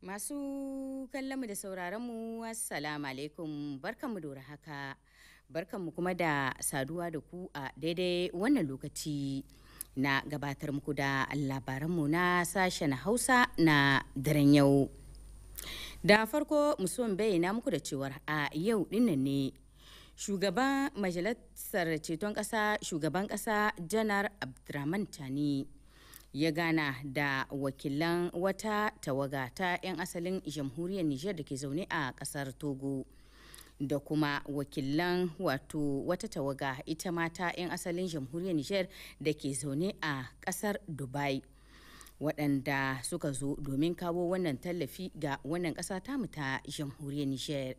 Masu kallonmu da sauraronmu, Assalamu alaikum, barkanmu da haka, barkanmu kuma da saduwa da ku a daidai wannan lokaci na gabatar muku da labaranmu na sashen Hausa na daren yau. Da farko musuwan bayyana muku da cewar a yau dinnan ne shugaban majalisar ceton ƙasa shugaban ƙasa janar abdurrahman tani ya gana da wakilan wata tawaga ta 'yan asalin jamhuriyar Nijar da ke zaune a kasar Togo. da kuma wakilan wato wata tawaga ita mata 'yan asalin jamhuriyar Nijar da ke zaune a kasar Dubai. waɗanda suka zo domin kawo wannan tallafi ga wannan ƙasa tamu ta jamhuriyar Nijar.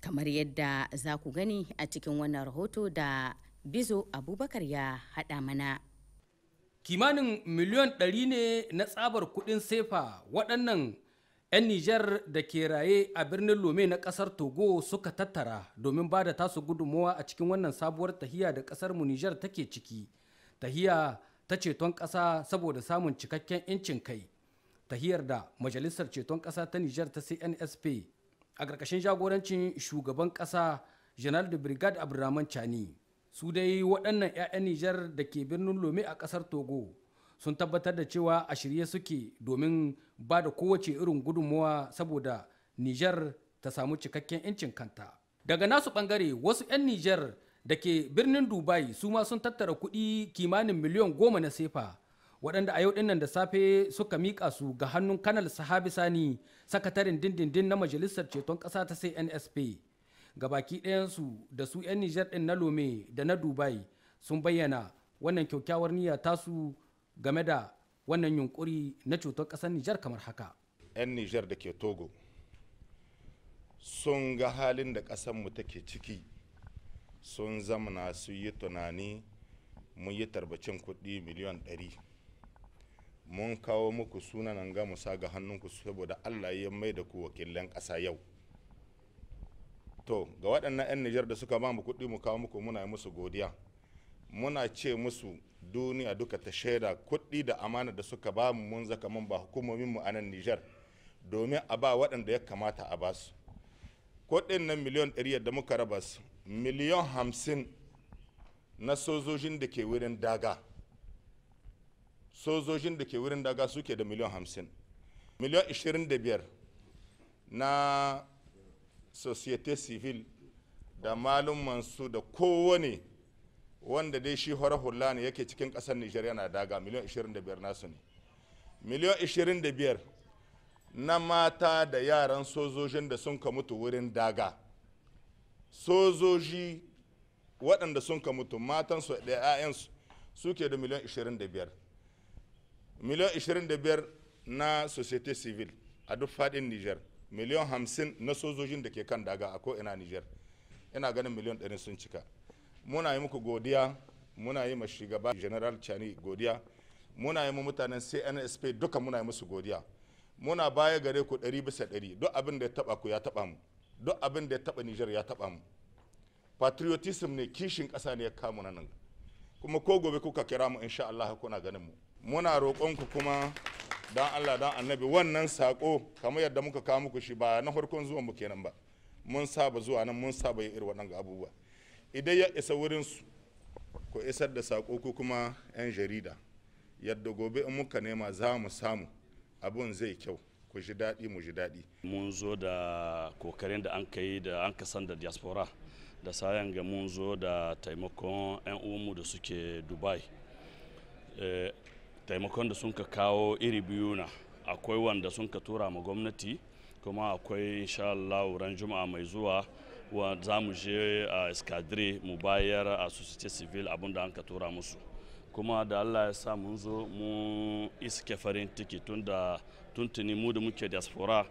Kamar yadda za ku gani a cikin wannan rahoto da Bizo Abubakar ya haɗa mana. kimanin miliyon ɗari ne na tsabar kudin sefa waɗannan 'yan Nijar da ke raye a birnin Lome na ƙasar Togo suka tattara domin ba da tasu gudunmowa a cikin wannan sabuwar tahiya da ƙasar mu Nijar take ciki. Tahiya ta ceton ƙasa saboda samun cikakken 'yancin kai. Tahiyar da Majalisar Ceton Ƙasa ta Nijar ta CNSP a ƙarƙashin jagorancin shugaban ƙasa Janar da Brigade Abdulrahman Chani. su dai waɗannan 'ya'yan nijar da ke birnin lome a ƙasar togo sun tabbatar da cewa a shirye suke domin ba da kowace irin gudunmawa saboda nijar ta samu cikakken 'yancin kanta daga nasu ɓangare wasu 'yan nijar da ke birnin dubai su ma sun tattara kuɗi kimanin miliyan goma na sefa waɗanda a yau ɗinnan da safe suka miƙa su ga hannun kanal sahabi sani sakatarin dindindin na majalisar ceton ƙasa ta cnsp gabaki ɗayansu da su 'yan nijar ɗin na lome da na dubai sun bayyana wannan kyakkyawar niyya tasu game da wannan yunkuri na cutar ƙasar nijar kamar haka 'yan nijar da ke togo sun ga halin da ƙasarmu take ciki sun zamana su yi tunani mun yi tarbacin kuɗi miliyan 100 mun kawo muku sunanan gamusa ga hannunku saboda allah ya mai da ku wakilan ƙasa yau to ga waɗannan 'yan nijar da suka ba mu kuɗi mu kawo muku muna musu godiya muna ce musu duniya duka ta shaida kuɗi da amana da suka ba mu mun zaka mun ba hukumominmu a nan nijar domin a ba waɗanda ya kamata a basu kuɗin nan miliyon ɗari da muka raba su miliyon hamsin na sojojin da ke wurin daga sojojin da ke wurin daga suke da miliyon hamsin miliyon ishirin da biyar na société civile da malumansu da kowane wanda dai shi hula ne yake cikin kasar nigeria na daga miliyan 25 nasu ne miliyan 25 na mata da yaran sojojin da sun ka mutu wurin daga sojoji waɗanda sun ka mutu matansu da 'ya'yansu suke da miliyan 25 miliyan 25 na société civile a duk fadin nijar miliyan hamsin na sojojin da ke kan daga a ko ina niger ina ganin miliyan ɗari sun cika muna yi muku godiya muna yi ma shugaba general chani godiya muna yi ma mutanen cnsp duka muna yi musu godiya muna baya gare ku ɗari bisa ɗari duk abin da ya taba ku ya taba mu duk abin da ya taba niger ya taba mu patriotism ne kishin ƙasa ne ya kamu nan kuma ko gobe kuka kira mu insha Allah kuna ganin mu muna roƙonku kuma don allah don annabi wannan saƙo kamar yadda muka kawo muku shi ba na farkon zuwan mu kenan ba mun saba zuwa nan mun saba yin irin waɗanda abubuwa idan ya isa wurinsu ku isar da saƙo ko kuma 'yan jarida yadda gobe in muka nema za mu samu abun zai kyau ku ji daɗi mu ji daɗi mun zo da kokarin da an ka yi da an ka da diaspora da sayan ga mun zo da taimakon 'yan uwanmu da suke dubai eh, taimakon da sun ka kawo iri biyu na akwai wanda sun ka tura ma gwamnati kuma akwai insha Allah ran juma'a mai zuwa wa za mu je a escadre mu bayar a societe civil abin da an ka tura musu kuma da Allah ya sa mun zo mu iske farin ciki tun da tuntuni mu da muke diaspora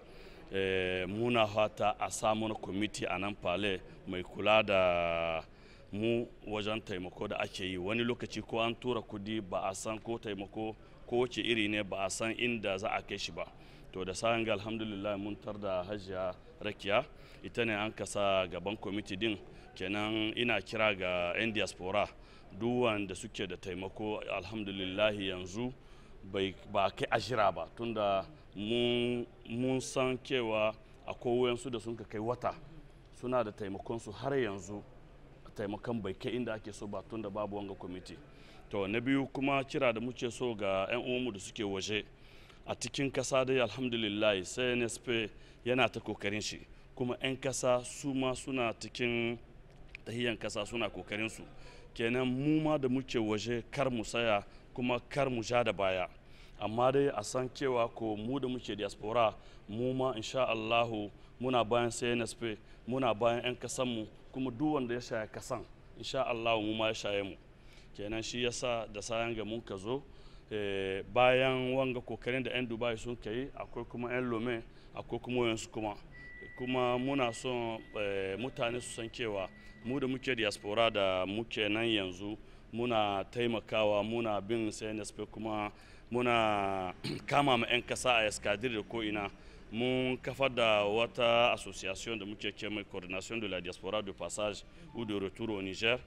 eh, muna fata a samun kwamiti a nan pale mai kula da mu wajen taimako da ake yi wani lokaci ko an tura kudi ba a san ko taimako ko wace iri ne ba a san inda za a kai shi ba to da sa'an ga alhamdulillah mun tar da hajiya rakiya ita ne an kasa gaban kwamiti din kenan ina kira ga 'yan diaspora duwan wanda suke da taimako alhamdulillah yanzu ba kai ashira ba tunda mun san cewa a kowayensu da sun kai wata suna da taimakonsu har yanzu taimakon bai kai inda ake so ba tun da babu wanga kwamiti to na biyu kuma kira da muke so ga 'yan uwanmu da suke waje a cikin kasa dai alhamdulillah sai nsp yana ta kokarin shi kuma 'yan kasa su ma suna cikin tahiyan kasa suna kokarin su kenan mu ma da muke waje kar mu saya kuma kar mu ja da baya amma dai a san cewa ko mu da muke diaspora mu ma insha Allahu muna bayan CNSP muna bayan 'yan mu kuma duk wanda ya shaya kasan insha Allah mu ma ya shaye mu kenan shi yasa da sayan ga mun ka zo eh, bayan wanga kokarin da 'yan Dubai sun kai akwai kuma 'yan Lome akwai kuma yansu kuma kuma muna son eh, mutane su san cewa mu da muke diaspora da muke nan yanzu muna taimakawa muna bin CNSP kuma muna kama ma 'yan kasa a eskadir da ko'ina mun kafa da wata association da muke ce mai coordination de la diaspora de passage ou de retour au Niger.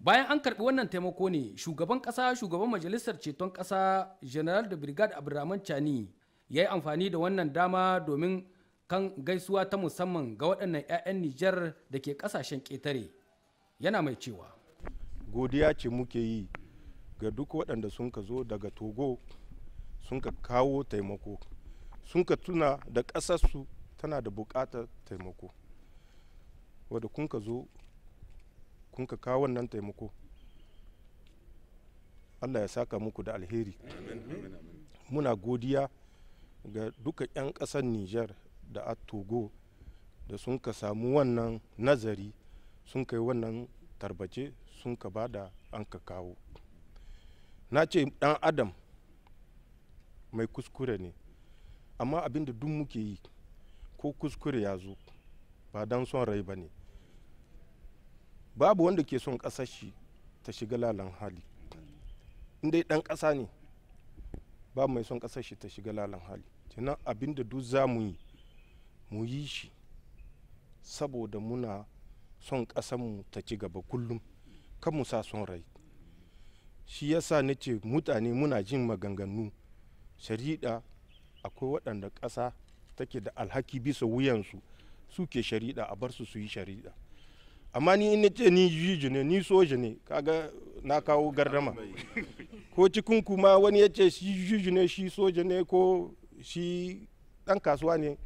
Bayan an karɓi wannan taimako ne shugaban ƙasa shugaban majalisar ceton ƙasa General da Brigade Abdurrahman Chani ya yi amfani da wannan dama domin kan gaisuwa ta musamman ga waɗannan 'ya'yan Nijar da ke ƙasashen ƙetare. Yana mai cewa. Godiya ce muke yi ga duk waɗanda sun ka zo daga Togo sun ka kawo taimako. sun ka tuna da ƙasarsu tana da buƙatar taimako wadda kun ka zo kun ka kawo wannan taimako allah ya saka muku da alheri muna godiya ga duka 'yan ƙasar niger da a togo da sun ka samu wannan nazari sun kai wannan tarbace sun ka ba da an ka kawo na ce dan adam mai kuskure ne amma abin da duk muke yi ko kuskure ya zo ba don son rai ba ne babu wanda ke son ƙasar shi ta shiga lalan hali dai ɗan ƙasa ne babu mai son ƙasar shi ta shiga lalan hali kenan abin da duk za mu yi mu yi shi saboda muna son ƙasanmu ta ci gaba kullum kan mu sa son rai shi yasa na ce mutane muna jin maganganu shari'a akwai waɗanda ƙasa take da alhaki bisa wuyansu suke shari'a a bar su su yi shari'a amma ni in ce ni jiji ne ni soja ne kaga na kawo gardama ko cikin kuma wani ya ce shi jiji ne shi soja ne ko shi ɗan kasuwa ne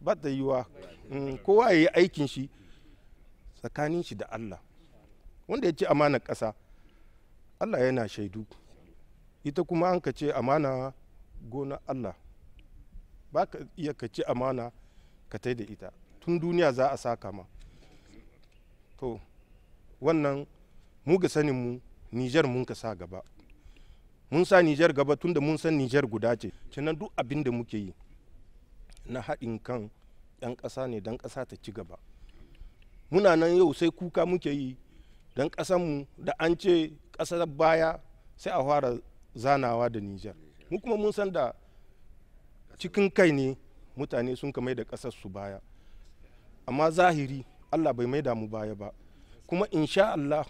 ba ta yiwa mm, kowa ya yi aikin shi tsakanin shi da allah wanda ya ce amanar ƙasa allah yana shaidu ita kuma an ka ce amana gona allah ba ka iya ka ci amana ka tai da ita tun duniya za a saka ma to wannan mu ga sanin nijar mun ka sa gaba mun sa nijar gaba tun da mun san nijar guda ce cinan duk abin da muke yi na haɗin kan 'yan ƙasa ne don ƙasa ta ci gaba muna nan yau sai kuka muke yi don ƙasanmu da an ce ƙasar baya sai a fara zanawa da nijar mu kuma mun san da cikin kai ne mutane sun ka mai da ƙasar su baya amma zahiri allah bai mai da mu baya ba kuma in sha allah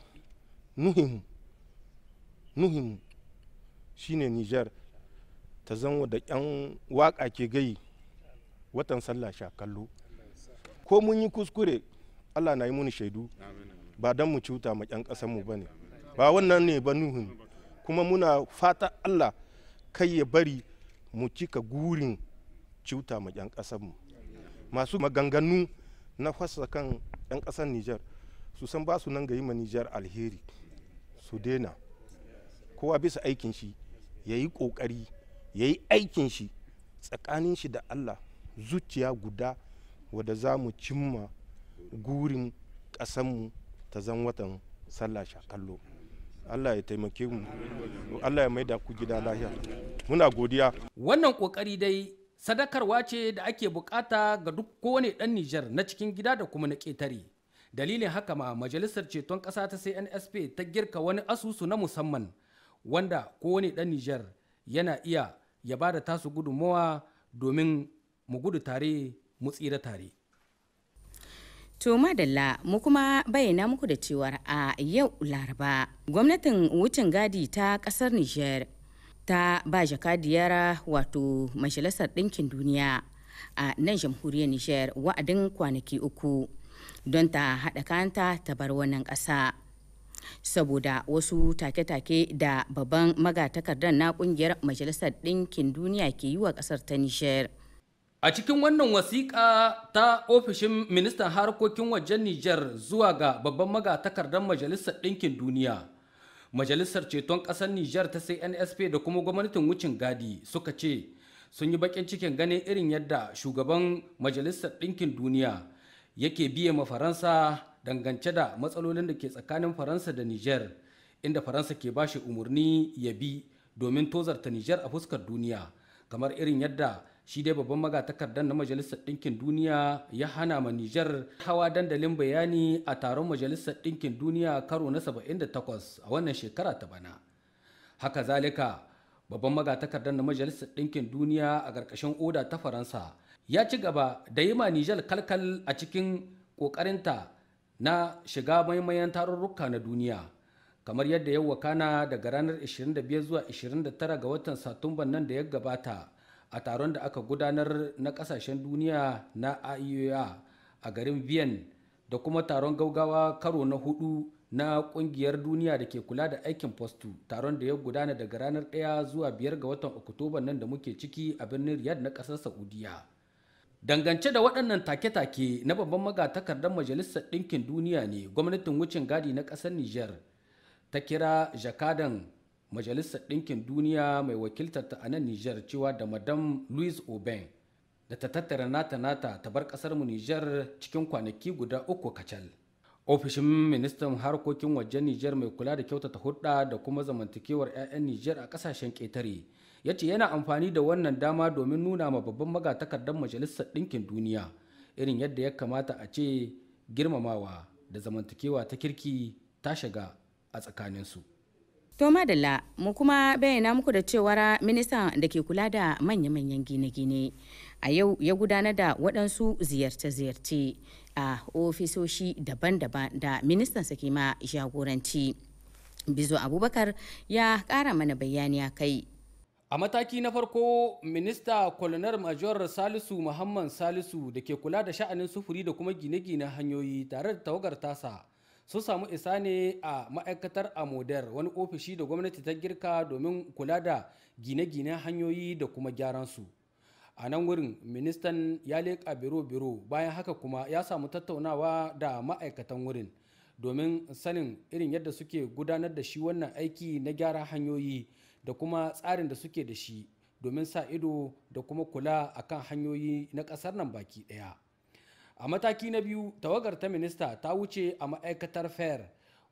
nuhin nuhin shine niger ta zan da 'yan waƙa ke gai watan sallah sha kallo ko mun yi kuskure allah na yi muni shaidu ba don mu cuta ma 'yan mu ba ne ba wannan ne ba nuhin kuma muna fata allah kai ya bari mu cika gurin cuta ma 'yan mu masu maganganu na fasa kan 'yan ƙasar nijar su san ba su nan ga yi ma nijar alheri su daina kowa bisa aikin shi ya yi ƙoƙari ya yi aikin shi tsakanin shi da allah zuciya guda wadda za mu cimma gurin mu ta zan watan sallah shakallo allah ya taimake mu allah ya maida ku gida lahiya muna godiya wannan kokari dai sadakarwa ce da ake bukata ga duk kowane dan Nijar na cikin gida da kuma na ƙetare dalilin haka ma majalisar ceton ƙasa ta sai CNSP ta girka wani asusu na musamman wanda kowane dan Nijar yana iya ya ba da tasu gudunmawa domin mu gudu tare mu tsira tare To madalla mu kuma bayyana muku da cewar a yau laraba gwamnatin wucin gadi ta kasar Nijar ta ba jakadiyara wato majalisar ɗinkin duniya a nan jamhuriyar nijar wa'adin kwanaki uku don ta haɗa kanta ta bar wannan ƙasa saboda wasu take-take da babban magatakardar na kungiyar majalisar ɗinkin duniya ke yi wa ƙasar ta nijar A cikin wannan wasiƙa ta ofishin ministan harkokin wajen Nijar zuwa ga babban magatakardar Majalisar Ɗinkin Duniya, majalisar ceton ƙasar Nijar ta sai CNSP da kuma gwamnatin wucin gadi suka ce sun yi bakin cikin ganin irin yadda shugaban majalisar ɗinkin duniya yake biye ma Faransa dangance da matsalolin da ke tsakanin Faransa da Nijar inda Faransa ke bashi umarni ya bi domin tozarta Nijar a fuskar duniya kamar irin yadda shi dai babban magatakardar na majalisar ɗinkin duniya ya hana ma nijar hawa dandalin bayani a taron majalisar ɗinkin duniya karo na 78 a wannan shekara ta bana haka zalika babban magatakardar na majalisar ɗinkin duniya a ƙarƙashin oda ta faransa ya ci gaba da yi ma nijar kalkal a cikin ƙoƙarinta na shiga maimayan tarurruka na duniya kamar yadda ya wakana daga ranar 25 zuwa 29 ga watan satumban nan da ya gabata a taron da aka gudanar na kasashen duniya na IOA e a garin vienne da kuma taron gaugawa karo na hudu na kungiyar duniya da ke kula da aikin postu taron da ya gudana daga ranar 1 zuwa biyar ga watan oktoba nan da muke ciki a birnin riyadh na kasar saudiya dangance da waɗannan take-take na babban magatakardar majalisar ɗinkin duniya ne gwamnatin wucin gadi na ƙasar niger ta kira jakadan majalisar ɗinkin duniya mai wakiltar ta a nan nijar cewa da madam louis oben da ta tattara nata nata ta bar ƙasar mu nijar cikin kwanaki guda uku kacal ofishin ministan harkokin wajen nijar mai kula da kyautata hudda da kuma zamantakewar 'ya'yan nijar a ƙasashen ƙetare ya ce yana amfani da wannan dama domin nuna ma babban magatakardar majalisar ɗinkin duniya irin yadda ya kamata a ce girmamawa da zamantakewa ta kirki ta shiga a tsakaninsu. To madalla mu kuma bayyana muku da cewar ministan da ke kula da manya-manyan gine-gine a yau ya gudanar da waɗansu ziyarce-ziyarce a ofisoshi daban-daban da ministan sa ke ma jagoranci. Bizo Abubakar ya ƙara mana bayani a kai. A mataki na farko, Minista Kwalonar Major Salisu Muhammad Salisu da ke kula da sha'anin sufuri da kuma gine-gine hanyoyi tare da tawagar tasa. sun samu isa ne a ma'aikatar amoder wani ofishi da gwamnati ta girka domin kula da gine-ginen hanyoyi da kuma gyaran su a nan wurin ministan ya leƙa biro-biro bayan haka kuma ya samu tattaunawa da ma'aikatan wurin domin sanin irin yadda suke gudanar da shi wannan aiki na gyara hanyoyi da kuma tsarin da suke da shi domin sa ido da kuma kula akan hanyoyi na ƙasar nan baki ɗaya. a mataki na biyu tawagar ta minista ta wuce a ma'aikatar fair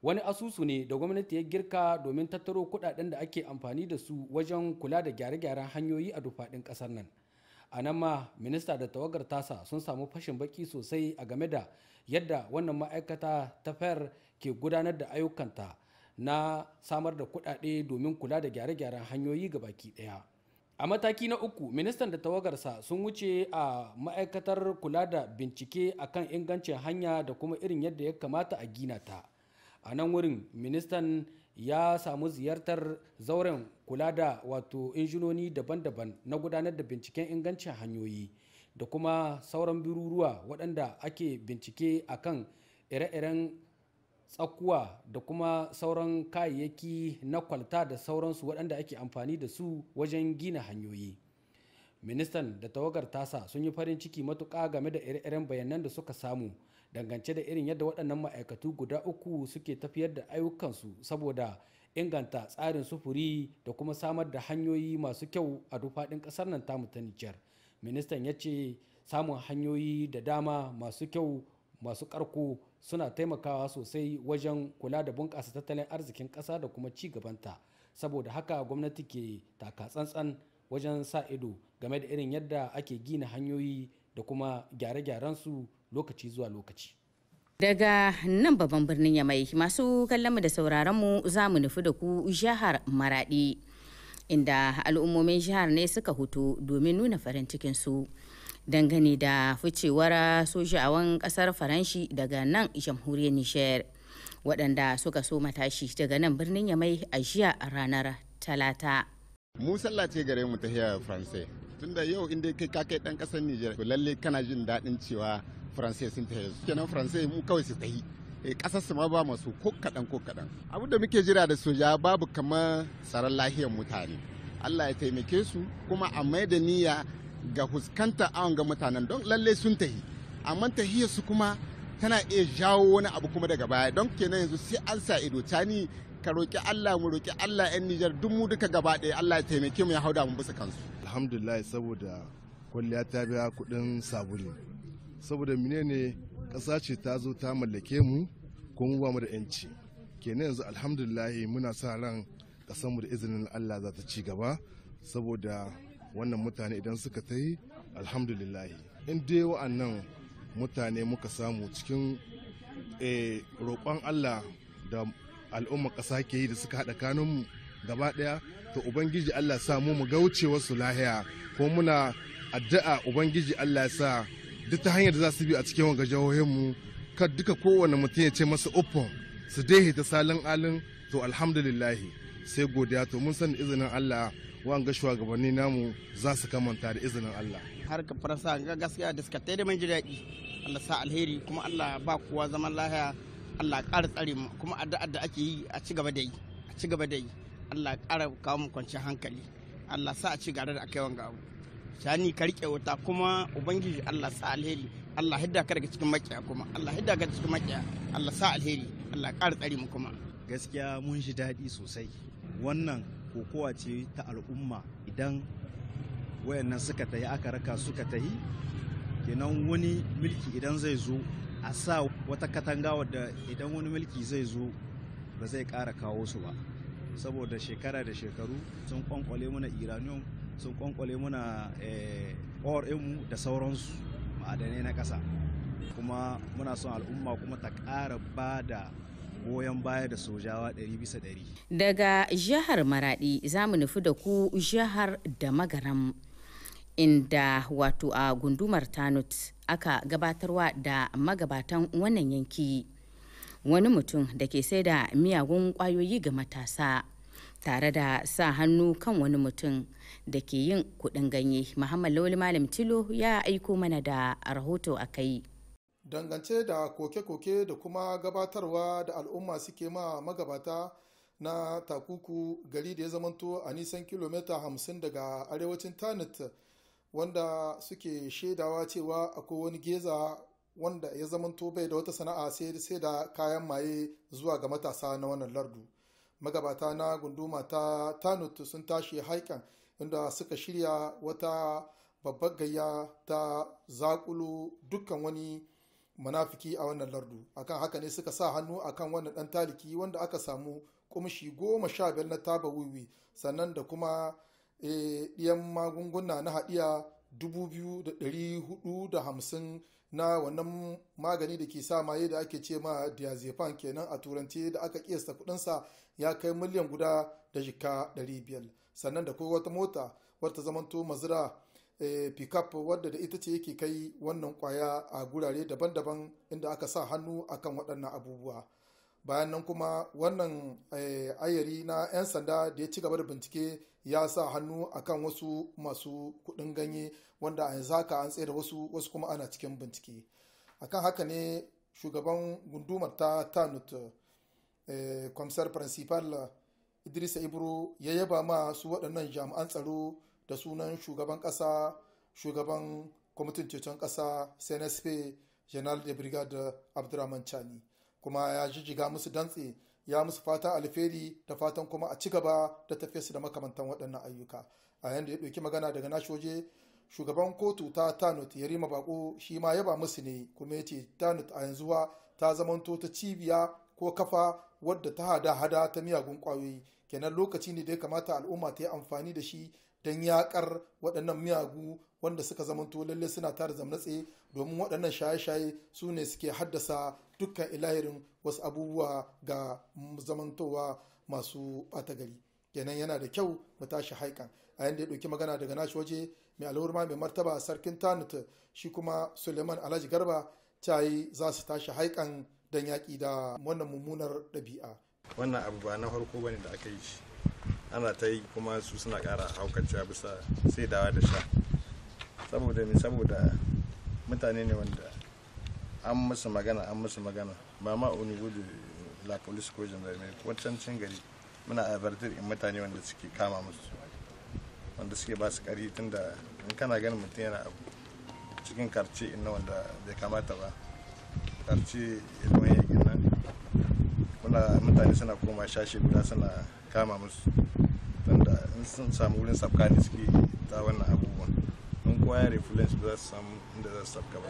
wani asusu ne da gwamnati ya girka domin tattaro kudaden da ake amfani da su wajen kula da gyare-gyaren hanyoyi a dufaɗin ƙasar nan a nan ma minista da tawagar tasa sun samu fashin baki sosai a game da yadda wannan ma'aikata ta fair ke gudanar da ayyukanta na samar da kudade domin kula da gyare-gyaren hanyoyi ga baki ɗaya. a mataki na uku ministan da tawagarsa sun wuce a ma'aikatar kula da bincike a kan ingancin hanya da kuma irin yadda ya kamata a gina ta a nan wurin ministan ya samu ziyartar zauren kula da wato injinoni daban-daban na gudanar da binciken ingancin hanyoyi da kuma sauran biruruwa waɗanda ake bincike a kan ire-iren tsakuwa da kuma sauran kayayyaki na kwalta da sauransu waɗanda ake amfani da su wajen gina hanyoyi ministan da tawagar tasa sun yi farin ciki matuƙa game da ire-iren bayanan da suka samu dangance da irin yadda waɗannan ma'aikatu guda uku suke tafiyar da ayyukansu saboda inganta tsarin sufuri da kuma samar da hanyoyi masu kyau a duk faɗin ƙasar nan tamu ta Nijar. Ministan ya ce samun hanyoyi da dama masu kyau masu ƙarko suna taimakawa sosai wajen kula da bunƙasa tattalin arzikin ƙasa da kuma ci gabanta saboda haka gwamnati ke taka tsantsan wajen sa ido game da irin yadda ake gina hanyoyi da kuma gyare-gyaren su lokaci zuwa lokaci. Daga nan babban birnin Yamai masu kallonmu da sauraronmu za mu nufi da ku jihar Maradi inda al'ummomin jihar ne suka hutu domin nuna farin cikin su. dangane da ficewar wani kasar faranshi daga nan jamhuriyar niger waɗanda suka so matashi daga nan birnin yamai a jiya ranar talata mu sallah ce gare mu ta hiyar france tunda yau inda kai ka kai dan kasar Nijar. to lalle kana jin daɗin cewa faransai sun ta yanzu kenan faransai mu kawai su tahi kasar eh, su ma ba masu ko kaɗan ko kaɗan abu da muke jira da soja babu kamar tsaron lahiyar mutane allah ya taimake su kuma a mai da niyya ga huskanta awon ga mutanen don lalle sun tahi amma tahiyar su kuma tana iya jawo wani abu kuma daga baya don kenan yanzu sai an sa ido ni ka roƙi Allah mu roƙi Allah yan Nijar duk mu duka gaba ɗaya Allah ya taimake mu ya hauda mu bisa kansu alhamdulillah saboda kwalliya ta biya kuɗin sabulu saboda menene ƙasa ce ta zo ta mallake mu ko kuma ba mu da yanci kenan yanzu alhamdulillah muna sa ran ƙasar mu da izinin Allah za ta ci gaba saboda wannan mutane idan suka ta yi alhamdulillah in dai wa'annan mutane muka samu cikin eh, roƙon allah da al'umma ƙasa ke yi da suka haɗa kanunmu gaba ɗaya to ubangiji allah sa mu mu gauce wasu lahiya ko muna addu'a ubangiji allah ya sa duk ta hanyar da za su bi a cikin wanga jihohinmu kar duka kowane mutum ya ce masa uffon su daihe ta salin alin to alhamdulillahi sai godiya to mun san izinin allah wanga shugabanni namu za su kamanta da izinin Allah harkar faransa ga gaskiya da suka taida mun ji Allah sa alheri kuma Allah ba kowa zaman lahiya Allah ƙara tsare mu kuma addu'ar da ake yi a ci gaba da yi a ci gaba da yi Allah ƙara kawo mu kwanciyar hankali Allah sa a ci gaba da akai wanga abu shani ka rike wuta kuma ubangiji Allah sa alheri Allah hidda ka daga cikin makiya kuma Allah hidda ka cikin makiya Allah sa alheri Allah ƙara tsare mu kuma gaskiya mun ji daɗi sosai wannan kokowa ce ta al'umma idan wayannan suka tahi aka raka suka tahi kenan wani mulki idan zai zo a sa wata katanga wadda idan wani mulki zai zo ba zai ƙara kawo su ba saboda shekara da shekaru sun kwankwale muna iranium sun kwankwale muna eh, mu da sauransu ma'adanai na ƙasa kuma muna son al'umma kuma ta ƙara ba da goyon baya da sojawa 100 100 daga jihar maradi za mu nufi da ku jihar da magaram inda wato a gundumar tanut aka gabatarwa da magabatan wannan yanki wani mutum da ke sai da miyagun kwayoyi ga matasa tare da sa hannu kan wani mutum da ke yin kudin ganye muhammad lawal malam tilo ya aiko mana da rahoto a kai dangance da koke-koke da kuma gabatarwa da al'umma suke ma magabata na takuku gari da ya zamanto a nisan kilomita 50 daga arewacin tanit wanda suke shaidawa cewa akwai wani geza wanda ya zamanto bai da wata sana'a sai da kayan maye zuwa ga matasa na wannan lardu magabata na gunduma ta tanut sun tashi haikan inda suka shirya wata babbar gayya ta zakulu dukkan wani munafiki a wannan lardu akan haka ne suka sa hannu akan wannan dan taliki wanda aka samu kumshi goma sha biyar na taba wiwi sannan da kuma eh, ɗiyan magunguna na haɗiya dubu biyu da ɗari hudu da hamsin na wannan magani da ke sa maye da ake ce ma diazepam kenan a turanci da aka kiyasta kudinsa ya kai miliyan guda da jika ɗari biyar sannan da kuma wata mota wata zamanto mazira Eh, pickup wadda da ita ce yake kai wannan kwaya a gurare daban-daban inda aka sa hannu akan waɗannan abubuwa bayan nan kuma wannan eh, ayari na 'yan sanda da ya ci gaba da bincike ya sa hannu akan wasu masu kuɗin ganye wanda a yanzu haka an tsaye da wasu wasu kuma ana cikin bincike akan haka ne shugaban gundumar ta tanut eh, kwamsar principal idrisa ibro ya yaba ma su waɗannan jami'an tsaro da sunan shugaban kasa shugaban kwamitin ceton ƙasa cnsp general de brigade abdurrahman chani kuma ya jijjiga musu dantse ya musu fata alferi da fatan kuma a ci gaba da tafiyarsu da makamantan waɗannan ayyuka a yanda ya ɗauki magana daga nashi waje shugaban kotu ta tanut yarima bako shi ma yaba musu ne kuma ya ce tanut a yanzu ta zamanto ta cibiya ko kafa wadda ta hada hada ta miyagun kwayoyi kenan lokaci ne da ya kamata al'umma ta yi amfani da shi don yakar waɗannan miyagu wanda suka zamanto lalle suna tare zamnatse domin waɗannan shaye-shaye su ne suke haddasa dukkan ilahirin wasu abubuwa ga zamantowa masu ɓata gari kenan yana da kyau mu tashi haikan a yadda ya ɗauki magana daga nashi waje mai alhurma mai martaba sarkin tanut shi kuma suleiman alhaji garba ta yi za su tashi haikan don yaƙi da wannan mummunar ɗabi'a wannan abu ba na farko bane da aka yi shi ana ta yi kuma su suna ƙara haukacewa bisa sai dawa da sha saboda me saboda mutane ne wanda an musu magana an musu magana ba ma oni gudu la police ko gendarmerie ko cancin gari muna abartar in mutane wanda suke kama musu wanda suke ba su tun da in kana ganin mutum yana abu cikin karce inna wanda bai kamata ba karce ilmai ya nan muna mutane suna koma shashi guda suna kama musu wanda sun samu wurin sabka ne suke ta wannan abubuwan in kowa ya ba za su samu inda za su sabka ba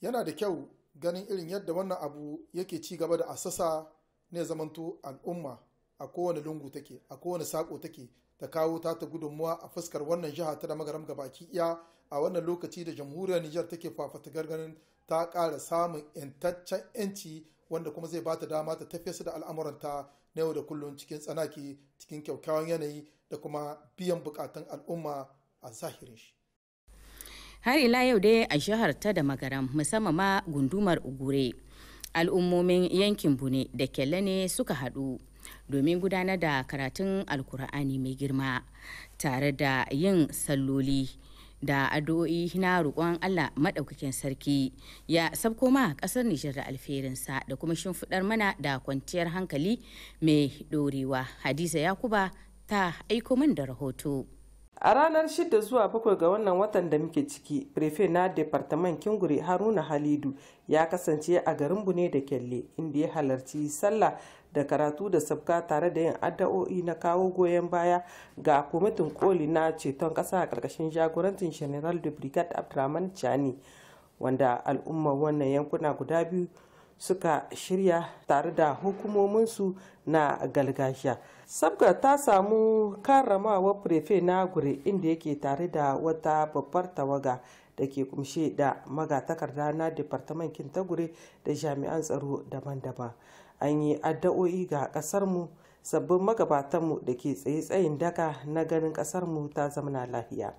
yana da kyau ganin irin yadda wannan abu yake ci gaba da asasa ne zamanto al'umma a kowane lungu take a kowane sako take ta kawo ta ta gudunmuwa a fuskar wannan jiha ta da magaram gabaki iya a wannan lokaci da jamhuriyar Nijar take fafatagar ganin ta kara samun 'yantaccen 'yanci wanda kuma zai ba ta dama ta su da al'amuranta na yau da kullum cikin tsanaki cikin kyaukyawan yanayi da kuma biyan bukatun al'umma a zahirin shi har ila yau dai a jihar ta da magaram musamman ma gundumar ugure al'ummomin yankin bune da kyalle ne suka haɗu domin gudanar da karatun alkur'ani mai girma tare da yin salloli da addu'o'i na roƙon Allah maɗaukakin sarki ya sabko ma ƙasar Nijar da alferinsa da kuma shimfiɗar mana da kwanciyar hankali mai ɗorewa. Hadiza Yakuba ta aiko min da rahoto. A ranar 6 zuwa 7 ga wannan watan da muke ciki, prefe na Departamen Kinguri Haruna Halidu ya kasance a garin Bune da Kyalle inda ya halarci sallah da karatu da sabka tare da yin addu'o'i na kawo goyon baya ga kwamitin koli na ceton ƙasa a ƙarƙashin jagorancin general de brigade abdurrahman chani wanda al'umma wannan yankuna guda biyu suka shirya tare da hukumominsu na galgashiya sabga ta samu karramawa prefe na gure inda yake tare da wata babbar tawaga da ke kumshe da magatakarda na departamentin ta gure da jami'an tsaro daban-daban an yi addu'o'i ga ƙasarmu sabbin magabatanmu da ke tsaye tsayin daka na ganin ƙasarmu ta zamana lafiya.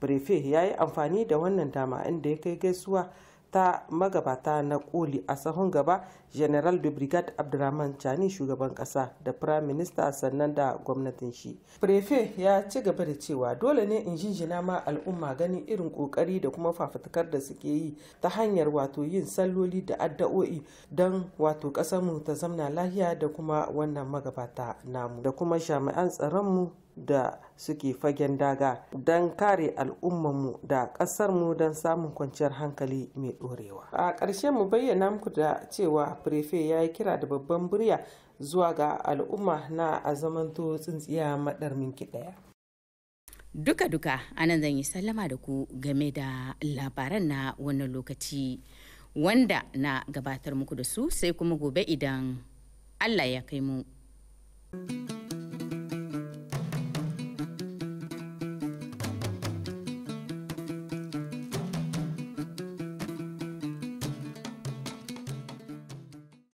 Brefe ya yi amfani da wannan dama inda ya kai gaisuwa ta magabata na koli a sahun gaba general de brigade abdurrahman chani shugaban kasa da prime minister sannan da gwamnatin shi prefe ya ci gaba da cewa dole ne in jinjina ma al'umma gani irin kokari da kuma fafutukar da suke yi ta hanyar wato yin salloli da addu'o'i don wato kasarmu ta zamna lahiya da kuma wannan magabata namu da kuma jami'an tsaronmu da suke fagen daga don kare al'ummanmu da ƙasarmu don samun kwanciyar hankali mai ɗorewa. A ƙarshe mu bayyana muku da cewa prefe ya yi kira da babban burya zuwa ga al'umma na a azamanto tsintsiya minki ɗaya. Duka-duka anan zan yi sallama da ku game da labaran na wannan lokaci wanda na gabatar muku da su sai kuma gobe idan Allah ya kai mu.